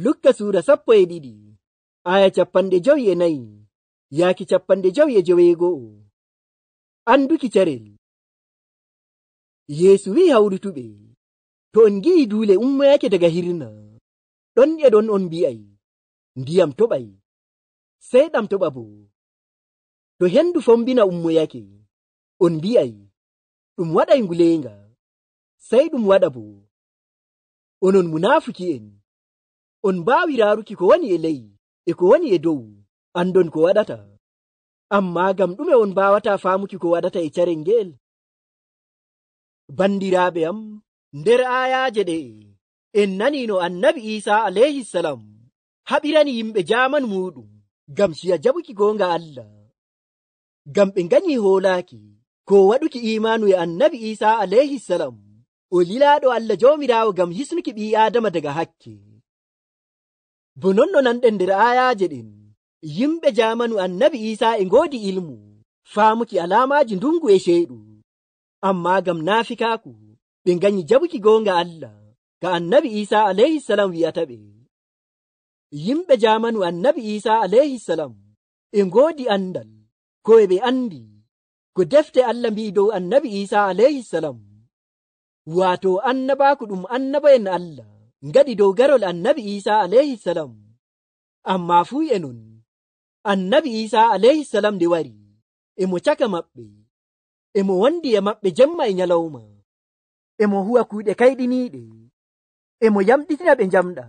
lukka suura sappo e ɗiɗi aya capanɗe jowi e nayi yaaki capanɗe jowi e joweego'o anduki carel yeesu wi'i hawrituɓe to on ngi'i duule ummoyaake daga hirna ɗon e ɗon on mbi'ay ndiyam toɓay seyɗam toɓa bo to henndu fombina ummoyaake on mbi'ay ɗum waɗay nguleenga sey ɗum waɗa bo onon munaafuki en on mbaawi raaruki ko wani e ley e ko wani e dow andon ko waɗata amma gam ɗume on mbaawata faamuki ko waɗata e carel ngeel bandiraaɓe am nder aayaaje ɗe en naniino annabi iisaa aleyhisalam haɓirani yimɓe jaaman muuɗum gam siya jaɓuki goonga allah gam ɓe nganyi hoolaaki ko waɗuki imaanu e annabi iisaa aleyhisalam o lilaaɗo allah jawmiraawo gam hisnuki ɓii aadama daga hakke bo nonno nanɗen nder ayaje ɗen yimɓe jamanu annabi isa e ngoodi ilmu faamuki alamaji ndungu e sheyɗu amma gam naafikaku ɓe ganyi jabuki goonga allah ga annabi isa alayhisalam wi'ata ɓe yimɓe jamanu annabi isa alayhisalam e ngoodi andal ko e ɓe andi ko defte allah mbi'i dow annabi isa alayhisalam waato annabaku ɗum annaba en allah ngaɗi dow garol annabi isa alayhi salam amma fuu enon annabi isa alayhi salam nde wari emo caka maɓɓe emo wondi e maɓɓe jemma e nyalawma emo huwa kuuɗe kayɗiniiɗe emo yamɗitina ɓe njamɗa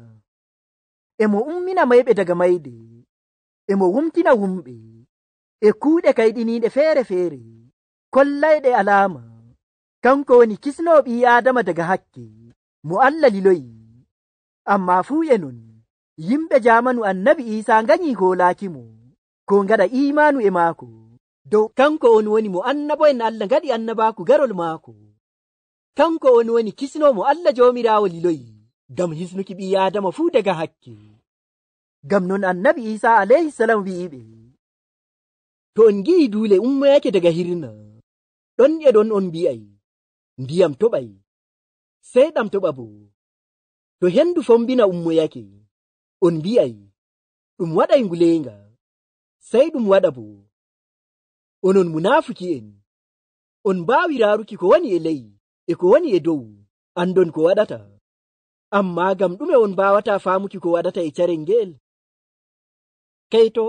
emo ummina mayɓe daga mayde emo wumtina wumɓe e kuuɗe kayɗiniiɗe feere feere kollayɗe alaama kanko woni kisnoo ɓii aadama daga hakke mo allah liloyi amma fuu enun yimɓe jaamanu annabi iisaa ngayi hoolaaki mo ko ngaɗa iimaanu e maako dow kanko on woni mo annabo en allah ngaɗi annabaaku garol maako kanko on woni kisnoo mo allah joomiraawo liloyi ngam hisnuki ɓii aadama fuu daga hakke ngam non annabi iisaa aleyhisalam wi'iɓe to on ngi'i duule ummayake daga hirna ɗon e ɗon on mbi'ay ndiyam toɓay sey ɗam toɓa boo to hendu fombina ummoyake on mbi'ay ɗum waɗay ngulenga sai ɗum waɗa bo onon munafuki'en on mbawi raruki ko wani e ley e ko wani e dow andon ko waɗata amma gam ɗume on mbawata famuki ko waɗata e caren ngel kaito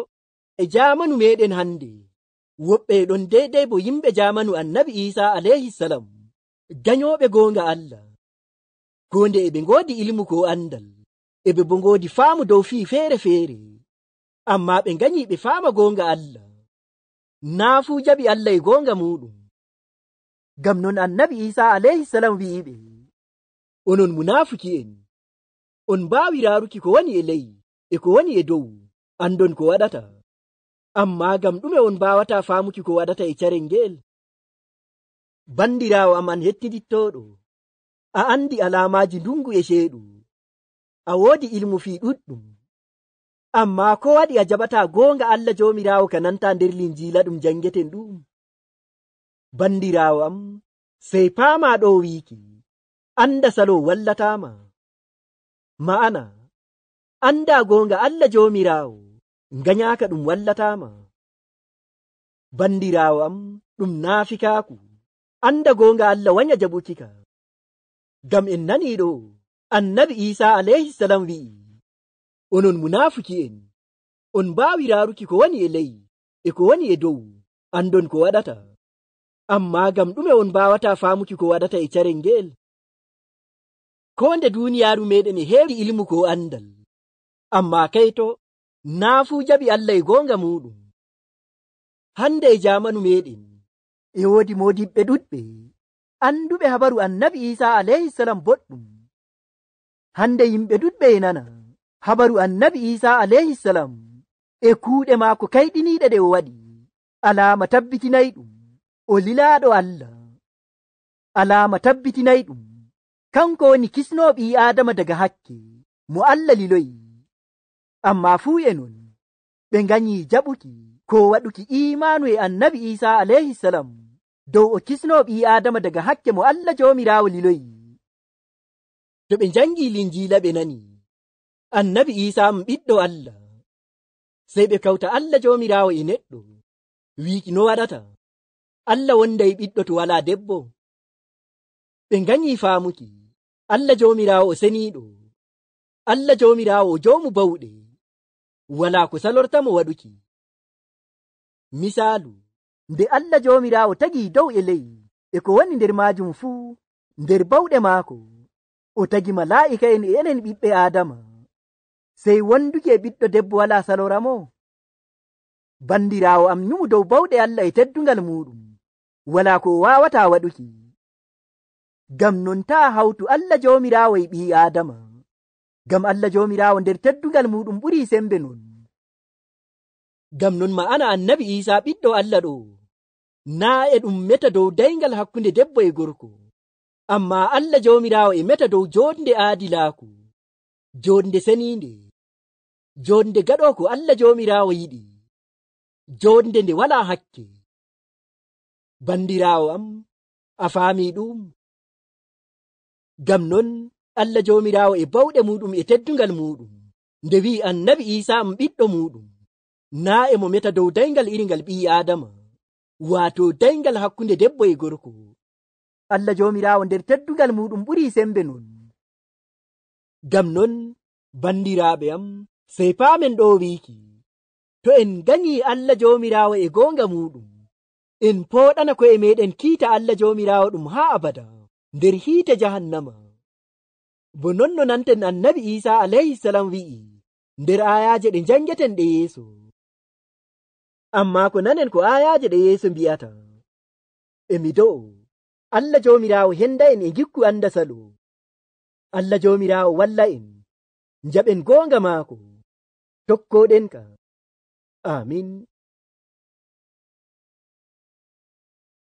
e jamanu meɗen hande woɓɓe ɗon dedei bo yimɓe jamanu annabi isa alayhi salam dayoɓe gonga allah gonde eɓe godi ilmuko andal eɓe bo godi faamu dow fii feere feere amma ɓe ganyi ɓe faama gonga allah naa fuu jaɓi allah e gonga muɗum gam non annabi isa alayhisalam wi'iɓe onon mu naafuki en on mbaawi raaruki ko woni e ley e ko woni e dow andon ko waɗata amma gam ɗume on mbaawata faamuki ko waɗata e caren ngel banndiraawo am an hettiɗittoɗo a andi alamaji ndungu e sheeɗu a woodi ilmu fii ɗuɗɗum amma ko waɗi a jaɓata goonga allah joomiraawo ka nanta nder linjiila ɗum janngeten ɗum banndiraawo am sey paama ɗo wiiki annda salo wallataama ma'ana annda goonga allah joomiraawo ngayaaka ɗum wallataama banndiraawo am ɗum naafikaaku annda goonga allah wanya jaɓuki ka ngam en naniɗo annabi isa alayhisalam wi'i onon munafuki en on mbawi raruki ko wani e ley e ko wani e dow andon ko waɗata amma ngam ɗume on mbawata famuki ko waɗata e caren ngel ko nde duniyaru meɗen e hewi ilmu ko andal amma kaito naafu jaɓi allah e gonga muɗum hande e jamanu meɗen e wodi modiɓɓe ɗuɗɓe annduɓe habaru annabi isa alayhi salam boɗɗum hande yimɓe duɗɓe enana habaru annabi isa alayhi salam e kuuɗe maako kayɗiniiɗe ɗe o waɗi alaama tabbitinayi ɗum o lilaaɗo allah alaama tabbitinayi ɗum kanko woni kisnoo ɓii aadama daga hakke mo allah liloyi amma fuu e non ɓe ganyii jaɓuki ko waɗuki imanu e annabi isa alayhi salam dow o kisno ɓi adama daga hakke mo allah jawmirawo liloyi to ɓe jangi linjila ɓe nani annabi isam ɓiɗɗo allah sey ɓe kawta allah jawmirawo e neɗɗo wiki no waɗata allah wonday ɓiɗɗo to wala debbo ɓe ganyi famuki allah jawmirawo o seniɗo allah jawmirawo o jawmu bawɗe wala ko salortamo waɗuki misalu nde allah jomirawo tagi dow e ley e ko woni nder majum fuu nder bawɗe maako o tagi mala'ika en e enen ɓiɓɓe adama sey wonduki e ɓiɗɗo debbo wala salora mo bandirawo am numu dow bawɗe allah e teddungal muɗum wala ko o wawata waɗuki gam non ta hawtu allah jomirawo e ɓi adama gam allah jomirawo nder teddungal muɗum ɓuri sembe non gam non ma ana annabi isa ɓiɗɗo allah ɗo na e ɗum meta dow daygal hakkunde debbo e gorko amma allah jawmirawo e meta dow joɗnde aadilaaku joɗnde seniinde joɗnde gaɗo ko allah jawmirawo yiɗi joɗnde nde wala hakke bandirawo am a faami ɗum gam non allah jawmirawo e bawɗe muɗum e teddungal muɗum nde wi'i annabi isa am ɓiɗɗo muɗum na e mo meta dow daygal iringal ɓi adama wato daygal hakkunde debbo e gorko allah jomirawo nder teddugal muɗum ɓuri sembe non gam non bandiraɓe am sey paamen ɗo wiki to en gayi allah jomirawo e gonga muɗum en poɗana ko e meɗen kiita allah jomirawo ɗum ha abada nder hiite jahannama bo nonno nanten annabi isa alayhissalam wi'i nder ayaje ɗe jangeten ɗe yeeso amma ko nanen ko ayaje ɗe yeeso mbi'ata emi do'o allah jomirawo henda en e gikku anda salo allah jomirawo walla en jaɓen gonga maako tokkoɗen ka amin